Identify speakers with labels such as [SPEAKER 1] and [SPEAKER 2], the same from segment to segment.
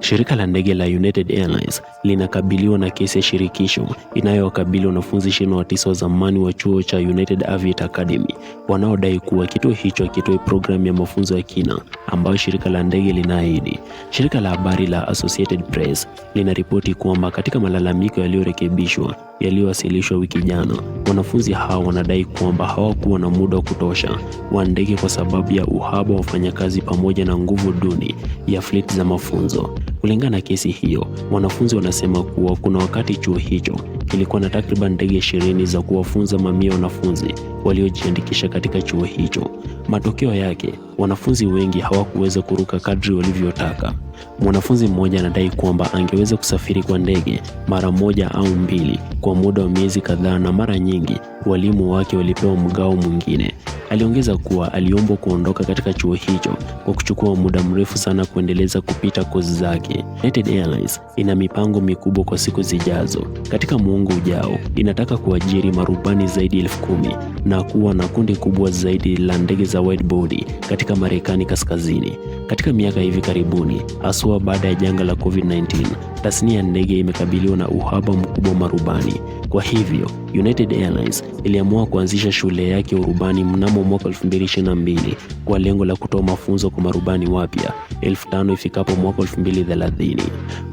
[SPEAKER 1] Shirika la ndege la United Airlines linakabiliwa na kesi ya shirikisho inayowakabili wanafunzi 29 wa zamani wa chuo cha United Aviate Academy wanaodai kuwa kituo hicho hakitoi programu ya mafunzo ya kina ambayo shirika la ndege linaahidi. Shirika la habari la Associated Press linaripoti kwamba katika malalamiko yaliyorekebishwa yaliyowasilishwa wiki jana, wanafunzi hao wanadai kwamba hawakuwa na muda wa kutosha wa ndege kwa sababu ya uhaba wa wafanyakazi pamoja na nguvu duni ya fleet za mafunzo. Kulingana na kesi hiyo, wanafunzi wanasema kuwa kuna wakati chuo hicho kilikuwa na takriban ndege ishirini za kuwafunza mamia wanafunzi waliojiandikisha katika chuo hicho. Matokeo yake, wanafunzi wengi hawakuweza kuruka kadri walivyotaka. Mwanafunzi mmoja anadai kwamba angeweza kusafiri kwa ndege mara moja au mbili kwa muda wa miezi kadhaa na mara nyingi walimu wake walipewa mgao mwingine. Aliongeza kuwa aliombwa kuondoka katika chuo hicho kwa kuchukua muda mrefu sana kuendeleza kupita kozi zake. United Airlines ina mipango mikubwa kwa siku zijazo. Katika muongo ujao, inataka kuajiri marubani zaidi elfu kumi na kuwa na kundi kubwa zaidi la ndege za za wide katika Marekani kaskazini. Katika miaka hivi karibuni, haswa baada ya janga la COVID-19, tasnia ya ndege imekabiliwa na uhaba mkubwa wa marubani. Kwa hivyo, United Airlines iliamua kuanzisha shule yake ya urubani mnamo mwaka 2022 kwa lengo la kutoa mafunzo kwa marubani wapya 5000 ifikapo mwaka 2030.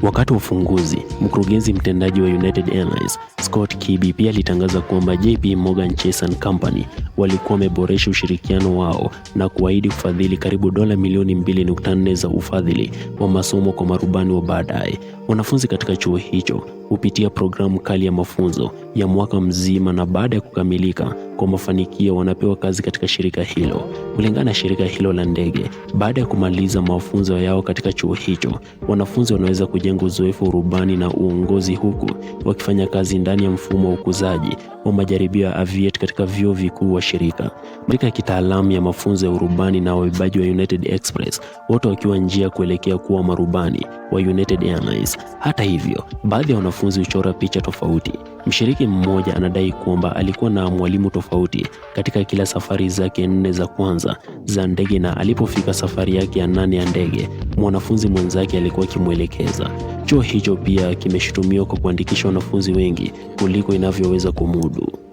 [SPEAKER 1] Wakati wa ufunguzi, mkurugenzi mtendaji wa United Airlines, Scott Kiby, pia alitangaza kwamba JP Morgan Chase and Company walikuwa wameboresha ushirikiano wao na kuahidi kufadhili karibu dola milioni mbili 2.4 za ufadhili wa masomo kwa marubani wa baadaye. Wanafunzi katika chuo hicho hupitia programu kali ya mafunzo ya mwaka mzima na baada ya kukamilika kwa mafanikio wanapewa kazi katika shirika hilo. Kulingana na shirika hilo la ndege, baada ya kumaliza mafunzo yao katika chuo hicho, wanafunzi wanaweza kujenga uzoefu urubani na uongozi, huku wakifanya kazi ndani ya mfumo wa ukuzaji wa majaribio ya Aviat katika vyuo vikuu wa shirika. Mashirika ya kitaalamu ya mafunzo ya urubani na waibaji wa United Express, wote wakiwa njia ya kuelekea kuwa marubani wa United Airlines. Hata hivyo, baadhi ya wanafunzi huchora picha tofauti. Mshiriki mmoja anadai kwamba alikuwa na mwalimu tofauti tofauti katika kila safari zake nne za kwanza za ndege, na alipofika safari yake ya nane ya ndege, mwanafunzi mwenzake alikuwa akimwelekeza. Chuo hicho pia kimeshutumiwa kwa kuandikisha wanafunzi wengi kuliko inavyoweza kumudu.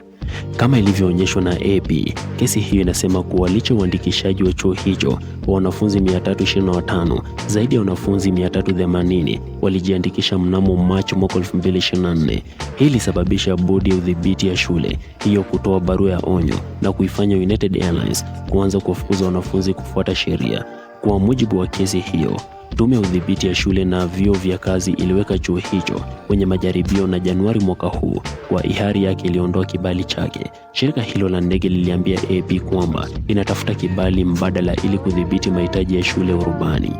[SPEAKER 1] Kama ilivyoonyeshwa na AP, kesi hiyo inasema kuwa licha uandikishaji wa chuo hicho wa wanafunzi 325, zaidi ya wanafunzi 380 walijiandikisha mnamo Machi mwaka 2024. Hii ilisababisha bodi ya udhibiti ya shule hiyo kutoa barua ya onyo na kuifanya United Airlines kuanza kuwafukuza wanafunzi kufuata sheria. Kwa mujibu wa kesi hiyo, Tume ya Udhibiti ya Shule na Vyuo vya Kazi iliweka chuo hicho kwenye majaribio na Januari mwaka huu kwa ihari yake iliondoa kibali chake. Shirika hilo la ndege liliambia AP kwamba inatafuta kibali mbadala ili kudhibiti mahitaji ya shule urubani.